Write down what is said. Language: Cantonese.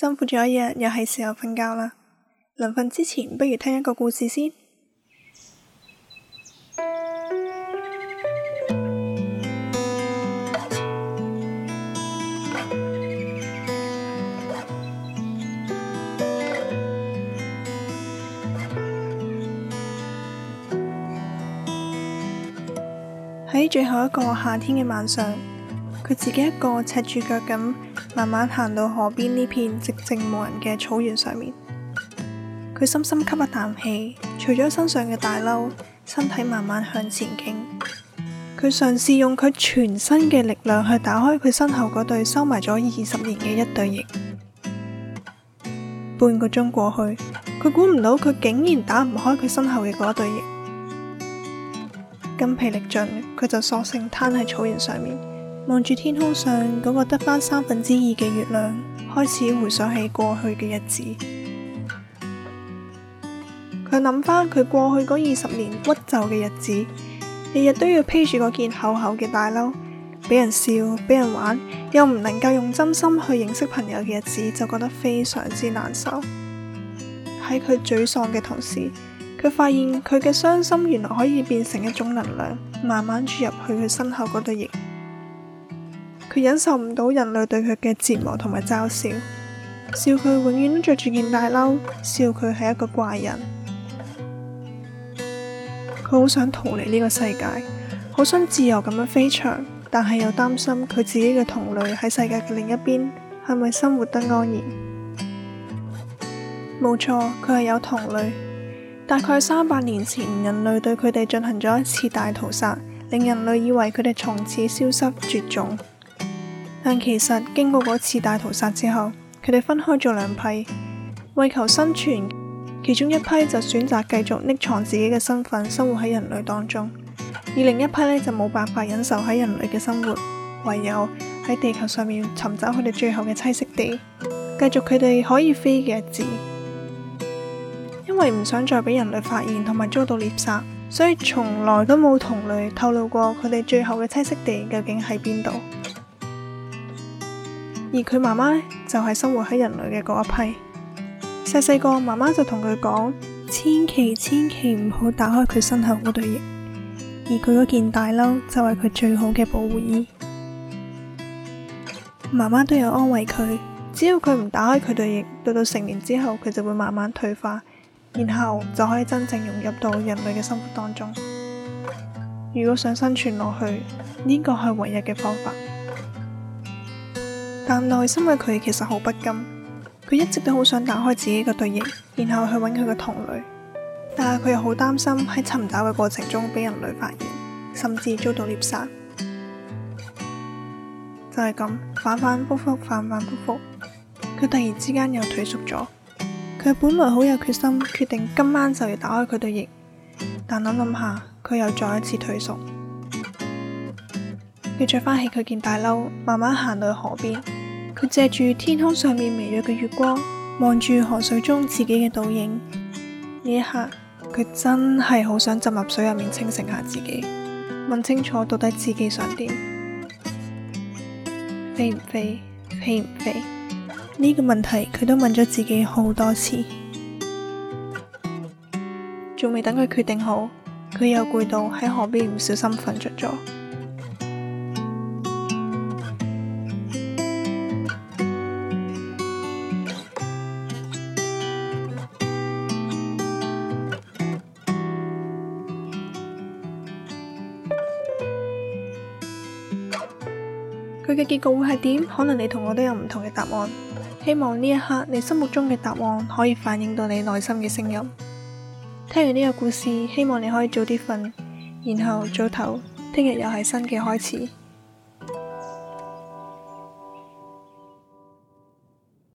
辛苦咗一日，又係時候瞓覺啦。臨瞓之前，不如聽一個故事先。喺 最後一個夏天嘅晚上。佢自己一個赤住腳咁，慢慢行到河邊呢片寂靜無人嘅草原上面。佢深深吸一啖氣，除咗身上嘅大褸，身體慢慢向前傾。佢嘗試用佢全身嘅力量去打開佢身後嗰對收埋咗二十年嘅一對翼。半個鐘過去，佢估唔到佢竟然打唔開佢身後嘅嗰對翼。筋疲力盡，佢就索性攤喺草原上面。望住天空上嗰個得翻三分之二嘅月亮，開始回想起過去嘅日子。佢諗返佢過去嗰二十年屈就嘅日子，日日都要披住嗰件厚厚嘅大褸，俾人笑，俾人玩，又唔能夠用真心去認識朋友嘅日子，就覺得非常之難受。喺佢沮喪嘅同時，佢發現佢嘅傷心原來可以變成一種能量，慢慢注入去佢身後嗰對翼。佢忍受唔到人類對佢嘅折磨同埋嘲笑，笑佢永遠都着住件大褸，笑佢係一個怪人。佢好想逃離呢個世界，好想自由咁樣飛翔，但係又擔心佢自己嘅同類喺世界嘅另一邊，係咪生活得安然？冇錯，佢係有同類。大概三百年前，人類對佢哋進行咗一次大屠殺，令人類以為佢哋從此消失絕種。但其實經過嗰次大屠殺之後，佢哋分開咗兩批，為求生存，其中一批就選擇繼續匿藏自己嘅身份，生活喺人類當中；而另一批呢，就冇辦法忍受喺人類嘅生活，唯有喺地球上面尋找佢哋最後嘅棲息地，繼續佢哋可以飛嘅日子。因為唔想再俾人類發現同埋遭到獵殺，所以從來都冇同類透露過佢哋最後嘅棲息地究竟喺邊度。而佢媽媽呢就係生活喺人類嘅嗰一批，細細個媽媽就同佢講，千祈千祈唔好打開佢身後嗰對翼，而佢嗰件大褸就係佢最好嘅保護衣。媽媽都有安慰佢，只要佢唔打開佢對翼，到到成年之後佢就會慢慢退化，然後就可以真正融入到人類嘅生活當中。如果想生存落去，呢個係唯一嘅方法。但內心嘅佢其實好不甘，佢一直都好想打開自己嘅對翼，然後去揾佢嘅同類。但係佢又好擔心喺尋找嘅過程中俾人類發現，甚至遭到獵殺。就係咁，反反復復，反反復復，佢突然之間又退縮咗。佢本來好有決心，決定今晚就要打開佢對翼，但諗諗下，佢又再一次退縮。佢着返起佢件大褸，慢慢行到去河邊。佢借住天空上面微弱嘅月光，望住河水中自己嘅倒影。呢一刻，佢真係好想浸入水入面，清醒下自己，問清楚到底自己想點，飛唔飛？飛唔飛？呢個問題佢都問咗自己好多次，仲未等佢決定好，佢又攰到喺河邊唔小心瞓着咗。佢嘅結果會係點？可能你同我都有唔同嘅答案。希望呢一刻，你心目中嘅答案可以反映到你內心嘅聲音。聽完呢個故事，希望你可以早啲瞓，然後早唞。聽日又係新嘅開始。